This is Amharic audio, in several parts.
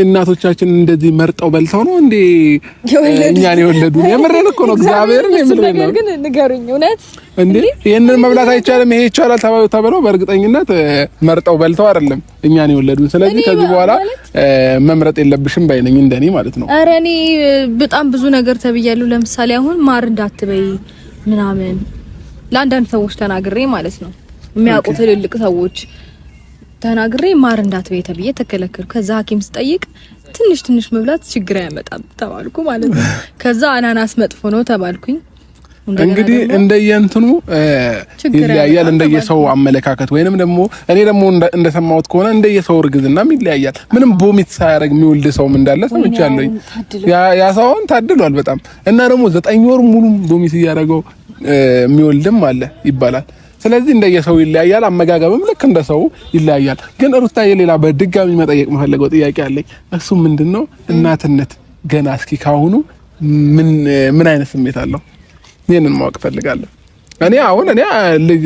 እናቶቻችን እንደዚህ መርጠው በልተው ነው እንዴ እኛን የወለዱ? የምሬን እኮ ነው እግዚአብሔርን የምሬን ነው። ግን ንገሩኝ፣ እውነት እንዴ ይሄንን መብላት አይቻልም ይሄ ይቻላል ተብለው በእርግጠኝነት መርጠው በልተው አይደለም እኛን የወለዱ ስለዚህ ከዚህ በኋላ መምረጥ የለብሽም ባይነኝ እንደኔ ማለት ነው። ኧረ እኔ በጣም ብዙ ነገር ተብያለሁ። ለምሳሌ አሁን ማር እንዳትበይ ምናምን ለአንዳንድ ሰዎች ተናግሬ ማለት ነው የሚያውቁ ትልልቅ ሰዎች ተናግሬ ማር እንዳትበይ ተብዬ ተከለከልኩ። ከዛ ሐኪም ስጠይቅ ትንሽ ትንሽ መብላት ችግር አያመጣም ተባልኩ ማለት ነው። ከዛ አናናስ መጥፎ ነው ተባልኩኝ። እንግዲህ እንደየእንትኑ ይለያያል፣ እንደየሰው አመለካከት ወይንም ደግሞ እኔ ደግሞ እንደሰማሁት ከሆነ እንደየሰው እርግዝናም ይለያያል። ምንም ቦሚት ሳያደርግ የሚወልድ ሰውም እንዳለ ሰምቻለሁ። ያ ሰውን ታድሏል በጣም እና ደግሞ ዘጠኝ ወር ሙሉ ቦሚት እያደረገው የሚወልድም አለ ይባላል። ስለዚህ እንደየሰው ይለያያል። አመጋገብም ልክ እንደ ሰው ይለያያል። ግን ሩታዬ ሌላ በድጋሚ መጠየቅ መፈለገው ጥያቄ አለኝ። እሱ ምንድን ነው እናትነት ገና እስኪ ካሁኑ ምን ምን አይነት ስሜት አለው? ይህንን ማወቅ ፈልጋለሁ። እኔ አሁን እኔ ልጅ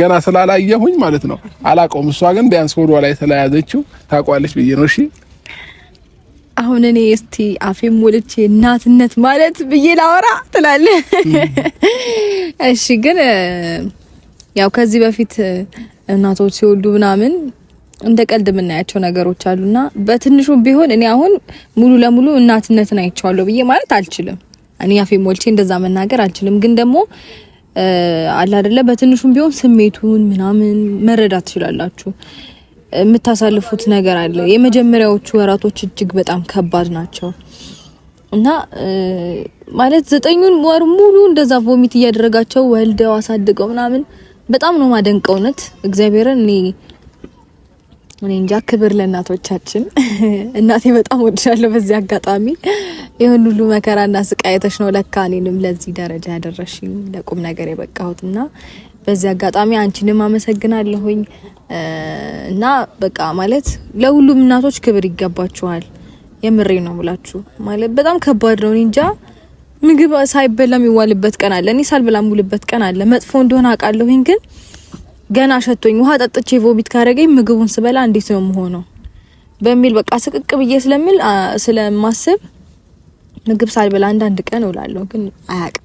ገና ስላላየሁኝ ማለት ነው አላውቀውም። እሷ ግን ቢያንስ ወዷ ላይ ስለያዘችው ታውቋለች ብዬ ነው። እሺ አሁን እኔ እስቲ አፌም ሞልቼ እናትነት ማለት ብዬ ላወራ ትላለህ። እሺ ግን ያው ከዚህ በፊት እናቶች ሲወልዱ ምናምን እንደ ቀልድ የምናያቸው ነገሮች አሉና በትንሹ ቢሆን እኔ አሁን ሙሉ ለሙሉ እናትነትን አይቼዋለሁ ብዬ ማለት አልችልም። እኔ አፌ ሞልቼ እንደዛ መናገር አልችልም። ግን ደግሞ አለ አይደለ በትንሹም ቢሆን ስሜቱን ምናምን መረዳት ትችላላችሁ። የምታሳልፉት ነገር አለ። የመጀመሪያዎቹ ወራቶች እጅግ በጣም ከባድ ናቸው እና ማለት ዘጠኙን ወር ሙሉ እንደዛ ቮሚት እያደረጋቸው ወልደው አሳድገው ምናምን በጣም ነው ማደንቀው። እውነት እግዚአብሔርን እኔ እኔ እንጃ። ክብር ለእናቶቻችን። እናቴ በጣም ወድሻለሁ። በዚህ አጋጣሚ ይህን ሁሉ መከራና ስቃየተሽ ነው ለካ እኔንም ለዚህ ደረጃ ያደረሽኝ ለቁም ነገር የበቃሁት እና በዚህ አጋጣሚ አንቺንም አመሰግናለሁኝ እና በቃ ማለት ለሁሉም እናቶች ክብር ይገባችኋል። የምሬ ነው ብላችሁ ማለት በጣም ከባድ ነው። እኔ እንጃ ምግብ ሳይበላ የሚዋልበት ቀን አለ። እኔ ሳልበላ የምውልበት ቀን አለ። መጥፎ እንደሆነ አውቃለሁኝ፣ ግን ገና ሸቶኝ ውሃ ጠጥቼ ቮሚት ካደረገኝ ምግቡን ስበላ እንዴት ነው የምሆነው በሚል በቃ ስቅቅ ብዬ ስለሚል ስለማስብ ምግብ ሳልበላ አንዳንድ ቀን እውላለሁ፣ ግን አያውቅም።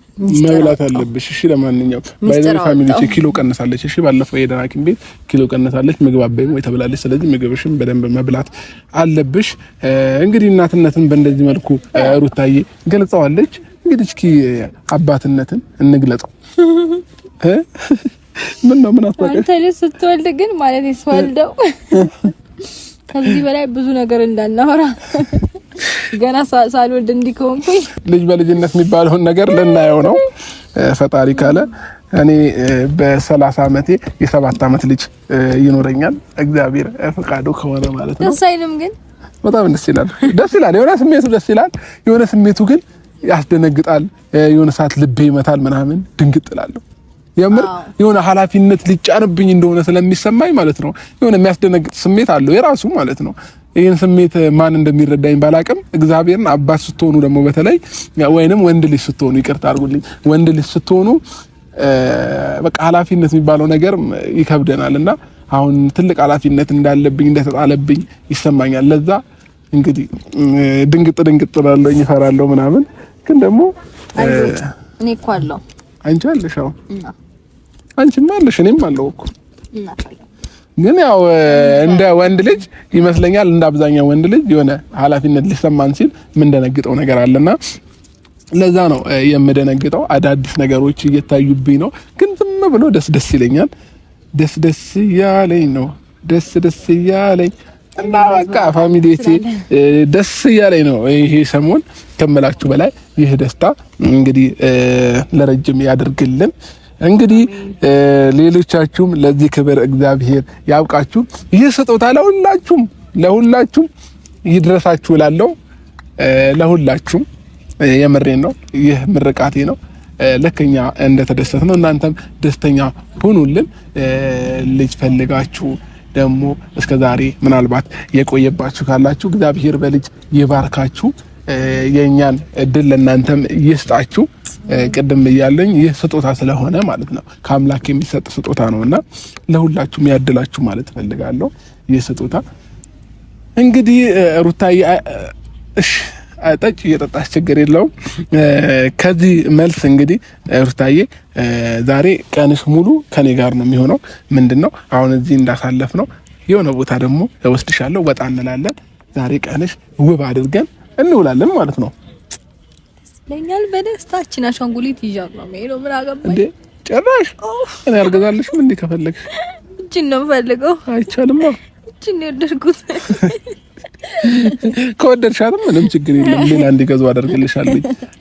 መብላት አለብሽ። እሺ ለማንኛውም ባይዘን ፋሚሊ ቼ ኪሎ ቀንሳለች። እሺ ባለፈው የሄደን ሐኪም ቤት ኪሎ ቀንሳለች። ምግብ አበይም ወይ ተብላለች። ስለዚህ ምግብሽም በደንብ መብላት አለብሽ። እንግዲህ እናትነትን በእንደዚህ መልኩ ሩታዬ ገልጸዋለች። እንግዲህ እስኪ አባትነትን እንግለጠው። ምን ነው ምን አታውቅም አንተ ልጅ ስትወልድ ግን ማለት ስወልደው ከዚህ በላይ ብዙ ነገር እንዳናወራ ገና ሳልወልድ እንዲህ ከሆንኩኝ ልጅ በልጅነት የሚባለውን ነገር ልናየው ነው። ፈጣሪ ካለ እኔ በሰላሳ አመቴ የሰባት አመት ልጅ ይኖረኛል እግዚአብሔር ፈቃዱ ከሆነ ማለት ነው። ደስ አይልም ግን በጣም ደስ ይላል። ደስ ይላል የሆነ ስሜቱ ደስ ይላል የሆነ ስሜቱ ግን ያስደነግጣል። የሆነ ሰዓት ልቤ ይመታል ምናምን ድንግጥ እላለሁ። የምር የሆነ ኃላፊነት ሊጫንብኝ እንደሆነ ስለሚሰማኝ ማለት ነው። የሆነ የሚያስደነግጥ ስሜት አለው የራሱ ማለት ነው። ይህን ስሜት ማን እንደሚረዳኝ ባላቅም እግዚአብሔርን አባት ስትሆኑ ደግሞ በተለይ ወይንም ወንድ ልጅ ስትሆኑ ይቅርታ አድርጉልኝ፣ ወንድ ልጅ ስትሆኑ በቃ ኃላፊነት የሚባለው ነገር ይከብደናል እና አሁን ትልቅ ኃላፊነት እንዳለብኝ እንደተጣለብኝ ይሰማኛል። ለዛ እንግዲህ ድንግጥ ድንግጥ እላለሁ፣ ይፈራለሁ ምናምን ግን ደግሞ እኔ እኮ አለው አንቺ አለሽ። አዎ አንቺማ አለሽ፣ እኔም አለው እኮ ግን ያው እንደ ወንድ ልጅ ይመስለኛል እንደ አብዛኛው ወንድ ልጅ የሆነ ኃላፊነት ሊሰማን ሲል የምንደነግጠው ነገር አለና ለዛ ነው የምደነግጠው። አዳዲስ ነገሮች እየታዩብኝ ነው፣ ግን ዝም ብሎ ደስ ደስ ይለኛል። ደስ ደስ እያለኝ ነው፣ ደስ ደስ እያለኝ እና በቃ ደስ እያለኝ ነው ይሄ ሰሞን ከምላችሁ በላይ ይህ ደስታ እንግዲህ ለረጅም ያደርግልን። እንግዲህ ሌሎቻችሁም ለዚህ ክብር እግዚአብሔር ያብቃችሁ። ይህ ስጦታ ለሁላችሁም ለሁላችሁም ይድረሳችሁ እላለሁ። ለሁላችሁም የምሬን ነው። ይህ ምርቃቴ ነው። ልክኛ እንደተደሰት ነው። እናንተም ደስተኛ ሁኑልን። ልጅ ፈልጋችሁ ደግሞ እስከ ዛሬ ምናልባት የቆየባችሁ ካላችሁ እግዚአብሔር በልጅ ይባርካችሁ። የእኛን እድል ለእናንተም ይስጣችሁ። ቅድም እያለኝ ይህ ስጦታ ስለሆነ ማለት ነው ከአምላክ የሚሰጥ ስጦታ ነው እና ለሁላችሁም ያድላችሁ ማለት ፈልጋለሁ ይህ ስጦታ እንግዲህ ሩታዬ እሺ ጠጭ እየጠጣች ችግር የለውም። ከዚህ መልስ እንግዲህ ሩታዬ ዛሬ ቀንሽ ሙሉ ከኔ ጋር ነው የሚሆነው። ምንድነው አሁን እዚህ እንዳሳለፍ ነው የሆነ ቦታ ደግሞ ወስድሻለሁ፣ ወጣ እንላለን። ዛሬ ቀንሽ ውብ አድርገን እንውላለን ማለት ነው። ለኛል በደስታችን አሻንጉሊት ይዣት ነው ሜሎ ምን አገባኝ እንዴ? ጭራሽ እኔ አልገዛልሽም ምን ከፈለግሽ እጅን ነው የምፈልገው። አይቻልማ እጅን ነው የወደድኩት። ከወደድሻትም ምንም ችግር የለም። ሌላ እንዲገዙ አደርግልሻለሁ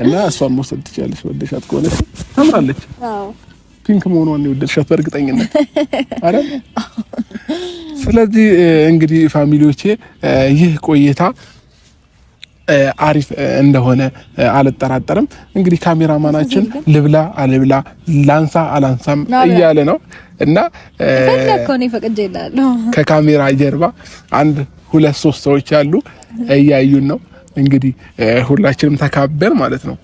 እና እሷን መውሰድ ትችያለሽ። ወደድሻት ከሆነ ታምራለች። አዎ ፒንክ መሆኗን የወደድሻት በእርግጠኝነት አይደል? ስለዚህ እንግዲህ ፋሚሊዎቼ ይህ ቆይታ አሪፍ እንደሆነ አልጠራጠርም። እንግዲህ ካሜራማናችን ልብላ አልብላ ላንሳ አላንሳም እያለ ነው እና ከካሜራ ጀርባ አንድ ሁለት ሶስት ሰዎች አሉ እያዩን ነው። እንግዲህ ሁላችንም ተካበር ማለት ነው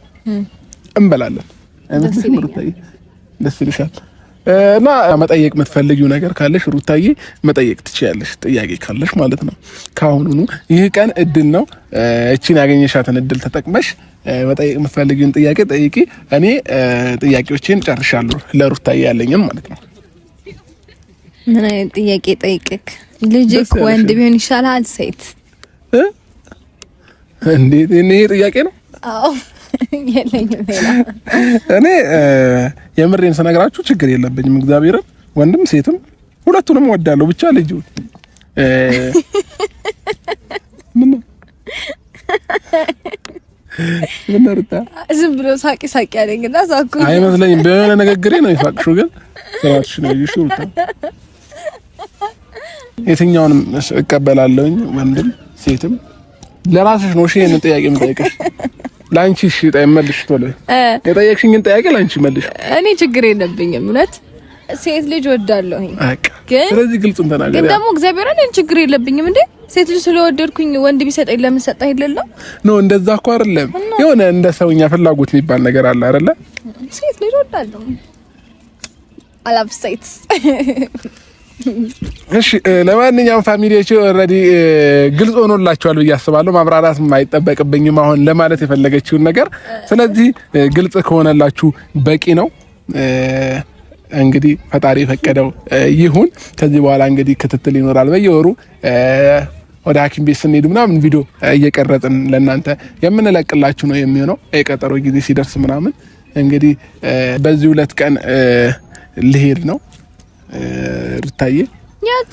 እንበላለን። ደስ ይልሻል። እና መጠየቅ የምትፈልጊው ነገር ካለሽ ሩታዬ መጠየቅ ትችያለሽ፣ ጥያቄ ካለሽ ማለት ነው። ከአሁኑኑ ይህ ቀን እድል ነው። እቺን ያገኘሻትን እድል ተጠቅመሽ መጠየቅ የምትፈልጊውን ጥያቄ ጠይቂ። እኔ ጥያቄዎችን ጨርሻለሁ፣ ለሩታዬ ያለኝን ማለት ነው። ምን አይነት ጥያቄ ጠይቅክ? ልጅክ ወንድ ቢሆን ይሻላል ሴት? እንዴት? እኔ ጥያቄ ነው? አዎ እኔ የምሬን ስነግራችሁ ችግር የለብኝም። እግዚአብሔርን ወንድም ሴትም ሁለቱንም እወዳለሁ። ብቻ ልጅ ዝም ብሎ ሳቂ ሳቂ ያለኝ እና ሳኩ አይመስለኝም። በሆነ ንግግሬ ነው የሳቅሽው፣ ግን ስራሽ ነው ይሹ። የትኛውንም እቀበላለሁኝ ወንድም ሴትም። ለራስሽ ነው እሺ ይሄንን ጥያቄ የምጠይቅሽ ላንቺ እሺ፣ መልሽ ቶሎ። የጠየቅሽኝን ጠያቄ ላንቺ መልሽ። እኔ ችግር የለብኝም እውነት ሴት ልጅ ወዳለሁኝ ግን ስለዚህ ግልጽ እንተናገር። ግን ደግሞ እግዚአብሔር እኔ ችግር የለብኝም እንዴ ሴት ልጅ ስለወደድኩኝ ወንድ ቢሰጠኝ ለምን ሰጠህ ይለለው ኖ እንደዛ እኮ አይደለም። የሆነ እንደ ሰውኛ ፍላጎት የሚባል ነገር አለ አይደለ? ሴት ልጅ ወዳለሁኝ አላብሳይትስ እሺ ለማንኛውም ፋሚሊዎቹ ኦልሬዲ ግልጽ ሆኖላችኋል ብዬ አስባለሁ። ማብራራት አይጠበቅብኝም አሁን ለማለት የፈለገችውን ነገር። ስለዚህ ግልጽ ከሆነላችሁ በቂ ነው። እንግዲህ ፈጣሪ የፈቀደው ይሁን። ከዚህ በኋላ እንግዲህ ክትትል ይኖራል በየወሩ ወደ ሐኪም ቤት ስንሄድ ምናምን ቪዲዮ እየቀረጥን ለእናንተ የምንለቅላችሁ ነው የሚሆነው። የቀጠሮ ጊዜ ሲደርስ ምናምን እንግዲህ በዚህ ሁለት ቀን ልሄድ ነው ልታየ የት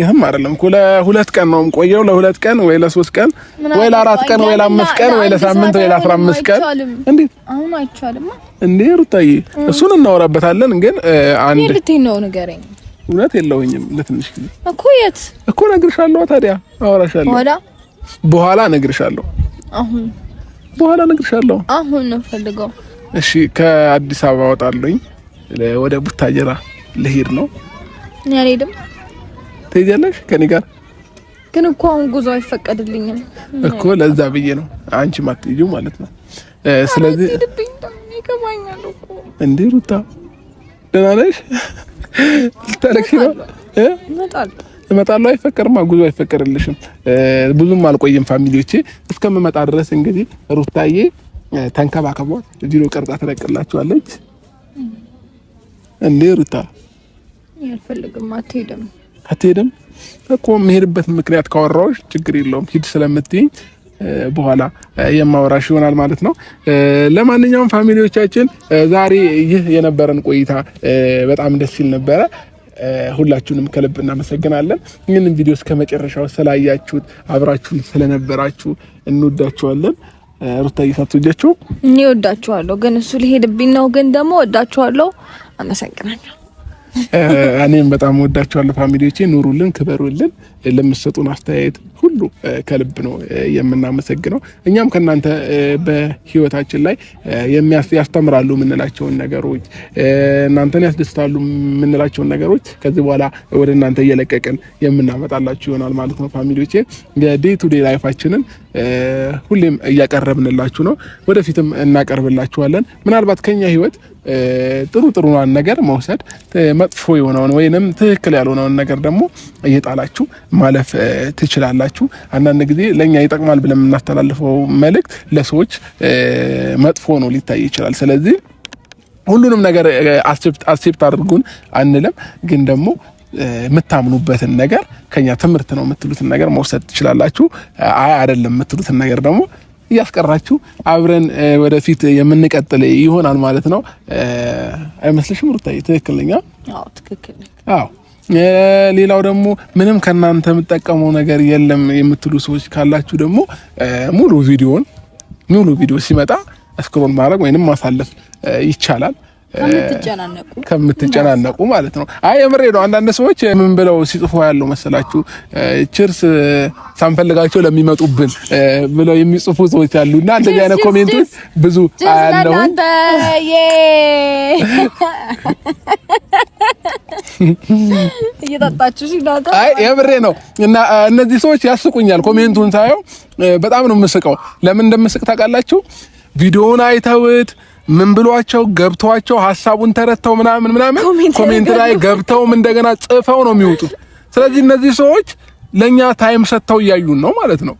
ይህም አይደለም እኮ ለሁለት ቀን ነው የምቆየው። ለሁለት ቀን ወይ ለሶስት ቀን ወይ ለአራት ቀን ወይ ለአምስት ቀን ወይ ለሳምንት ወይ ለአስራ አምስት ቀን እንዴት አሁን አይቻልም እንዴ ሩታዬ? እሱን እናወራበታለን። ግን አንድ ልትይ ነው ንገረኝ። እውነት የለውኝም ለትንሽ ጊዜ እኮ የት እኮ እነግርሻለሁ። ታዲያ አወራሻለሁ። በኋላ እነግርሻለሁ። አሁን በኋላ እነግርሻለሁ። አሁን ነው ፈልገው። እሺ ከአዲስ አበባ ወጣለኝ ወደ ቡታጀራ ልሄድ ነው። እኔ አልሄድም። ትሄጃለሽ ከኔ ጋር። ግን እኮ አሁን ጉዞ አይፈቀድልኝም እኮ ለዛ ብዬ ነው። አንቺ ማትይዩ ማለት ነው። ስለዚህ እንዴ ሩታ ደህና ነሽ? ልታለቅሽ ነው? እመጣለሁ። አይፈቀድማ፣ ጉዞ አይፈቀድልሽም። ብዙም አልቆይም ፋሚሊዎቼ። እስከምመጣ ድረስ እንግዲህ ሩታዬ ተንከባከቧት። ቪዲዮ ቀርጻ ትለቅላችኋለች። እንዴ ሩታ አልፈልግም። አትሄድም አትሄድም እኮ የምሄድበት ምክንያት ካወራዎች ችግር የለውም ሂድ ስለምትይኝ በኋላ የማወራሽ ይሆናል ማለት ነው። ለማንኛውም ፋሚሊዎቻችን ዛሬ ይህ የነበረን ቆይታ በጣም ደስ ሲል ነበረ። ሁላችሁንም ከልብ እናመሰግናለን። ይህንን ቪዲዮ እስከ መጨረሻው ስላያችሁት አብራችሁን ስለነበራችሁ እንወዳችኋለን። ሩታዬ ሳትወጃቸው እኔ እወዳችኋለሁ፣ ግን እሱ ሊሄድብኝ ነው። ግን ደግሞ እወዳችኋለሁ። አመሰግናለሁ። እኔም በጣም ወዳችኋለሁ። ፋሚሊዎቼ ኑሩልን፣ ክበሩልን። ለምትሰጡን አስተያየት ሁሉ ከልብ ነው የምናመሰግነው። እኛም ከእናንተ በህይወታችን ላይ ያስተምራሉ የምንላቸውን ነገሮች፣ እናንተን ያስደስታሉ የምንላቸውን ነገሮች ከዚህ በኋላ ወደ እናንተ እየለቀቅን የምናመጣላችሁ ይሆናል ማለት ነው። ፋሚሊዎቼ የዴይ ቱ ዴይ ላይፋችንን ሁሌም እያቀረብንላችሁ ነው። ወደፊትም እናቀርብላችኋለን። ምናልባት ከኛ ህይወት ጥሩ ጥሩን ነገር መውሰድ፣ መጥፎ የሆነውን ወይንም ትክክል ያልሆነውን ነገር ደግሞ እየጣላችሁ ማለፍ ትችላላችሁ። አንዳንድ ጊዜ ለእኛ ይጠቅማል ብለን የምናስተላልፈው መልእክት ለሰዎች መጥፎ ነው ሊታይ ይችላል። ስለዚህ ሁሉንም ነገር አክሴፕት አድርጉን አንልም፣ ግን ደግሞ የምታምኑበትን ነገር ከኛ ትምህርት ነው የምትሉትን ነገር መውሰድ ትችላላችሁ። አይ አይደለም የምትሉትን ነገር ደግሞ እያስቀራችሁ አብረን ወደፊት የምንቀጥል ይሆናል ማለት ነው። አይመስልሽም ሩታዬ? ትክክለኛ። አዎ ሌላው ደግሞ ምንም ከናንተ የምጠቀመው ነገር የለም የምትሉ ሰዎች ካላችሁ ደግሞ ሙሉ ቪዲዮን ሙሉ ቪዲዮ ሲመጣ ስክሮል ማድረግ ወይንም ማሳለፍ ይቻላል። ከምትጨናነቁ ማለት ነው። አይ የምሬ ነው። አንዳንድ ሰዎች ምን ብለው ሲጽፉ ያለው መሰላችሁ ችርስ ሳንፈልጋቸው ለሚመጡብን ብለው የሚጽፉ ሰዎች አሉና እንደዚህ አይነት ኮሜንቶች ብዙ አያለሁ። አይ የምሬ ነው። እና እነዚህ ሰዎች ያስቁኛል። ኮሜንቱን ሳየው በጣም ነው የምስቀው። ለምን እንደምስቅ ታውቃላችሁ? ቪዲዮውን አይተውት ምን ብሏቸው ገብቷቸው ሀሳቡን ተረተው ምናምን ምናምን ኮሜንት ላይ ገብተውም እንደገና ጽፈው ነው የሚወጡት። ስለዚህ እነዚህ ሰዎች ለኛ ታይም ሰጥተው እያዩን ነው ማለት ነው።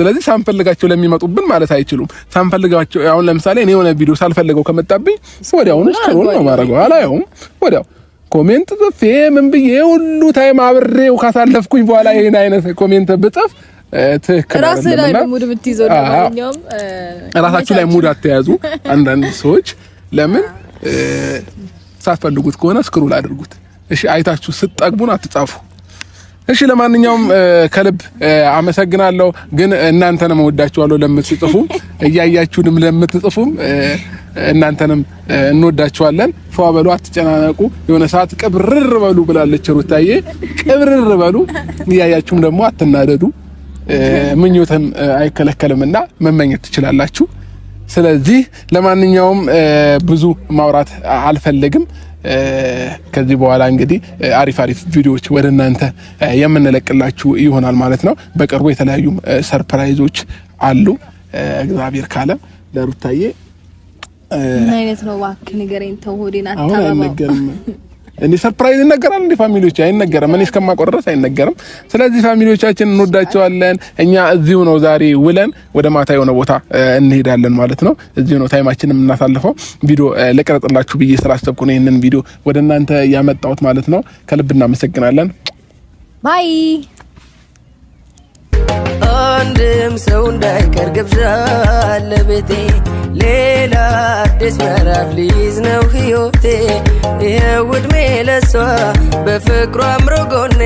ስለዚህ ሳንፈልጋቸው ለሚመጡብን ማለት አይችሉም። ሳንፈልጋቸው አሁን ለምሳሌ እኔ የሆነ ቪዲዮ ሳልፈልገው ከመጣብኝ ወዲያውኑ ስክሮል ነው ማረገው፣ አላየውም። ወዲያው ኮሜንት ጽፌ ምን ብዬ ሁሉ ታይም አብሬው ካሳለፍኩኝ በኋላ ይሄን አይነት ኮሜንት ብጽፍ ትክክል ላይ ሙድ ራሳችሁ ላይ ሙድ አትያዙ። አንዳንድ ሰዎች ለምን ሳትፈልጉት ከሆነ ስክሩል አድርጉት። እሺ አይታችሁ ስትጠግቡን አትጻፉ። እሺ ለማንኛውም ከልብ አመሰግናለሁ። ግን እናንተንም እወዳችኋለሁ ለምትጽፉ እያያችሁንም ለምትጽፉም እናንተንም እንወዳችኋለን። ፏ በሉ፣ አትጨናነቁ። የሆነ ሰዓት ቅብርር በሉ ብላለች ሩታዬ። ቅብርር በሉ። እያያችሁም ደግሞ አትናደዱ። ምኞትን አይከለከልም እና መመኘት ትችላላችሁ። ስለዚህ ለማንኛውም ብዙ ማውራት አልፈልግም ከዚህ በኋላ እንግዲህ አሪፍ አሪፍ ቪዲዮዎች ወደ እናንተ የምንለቅላችሁ ይሆናል ማለት ነው። በቅርቡ የተለያዩ ሰርፕራይዞች አሉ። እግዚአብሔር ካለ ለሩታዬ ምን አይነት ነው? እባክህ ንገረኝ። ተው ሆዴን አታባባው። እኔ ሰርፕራይዝ ይነገራል እንዴ? ፋሚሊዎች አይነገርም። እኔ እስከማውቀው ድረስ አይነገርም። ስለዚህ ፋሚሊዎቻችን እንወዳቸዋለን። እኛ እዚሁ ነው ዛሬ ውለን ወደ ማታ የሆነ ቦታ እንሄዳለን ማለት ነው። እዚሁ ነው ታይማችን የምናሳልፈው። ቪዲዮ ልቀረጽላችሁ ብዬ ስላሰብኩ ነው ይህንን ቪዲዮ ወደ እናንተ ያመጣሁት ማለት ነው። ከልብ እናመሰግናለን። ባይ አንድም ሰው እንዳይቀር ግብዣ ለቤቴ ሌላ አዲስ ምዕራፍ ሊይዝ ነው ሕይወቴ ይኸው ዕድሜ ለሷ በፍቅሯ አምሮ ጎኔ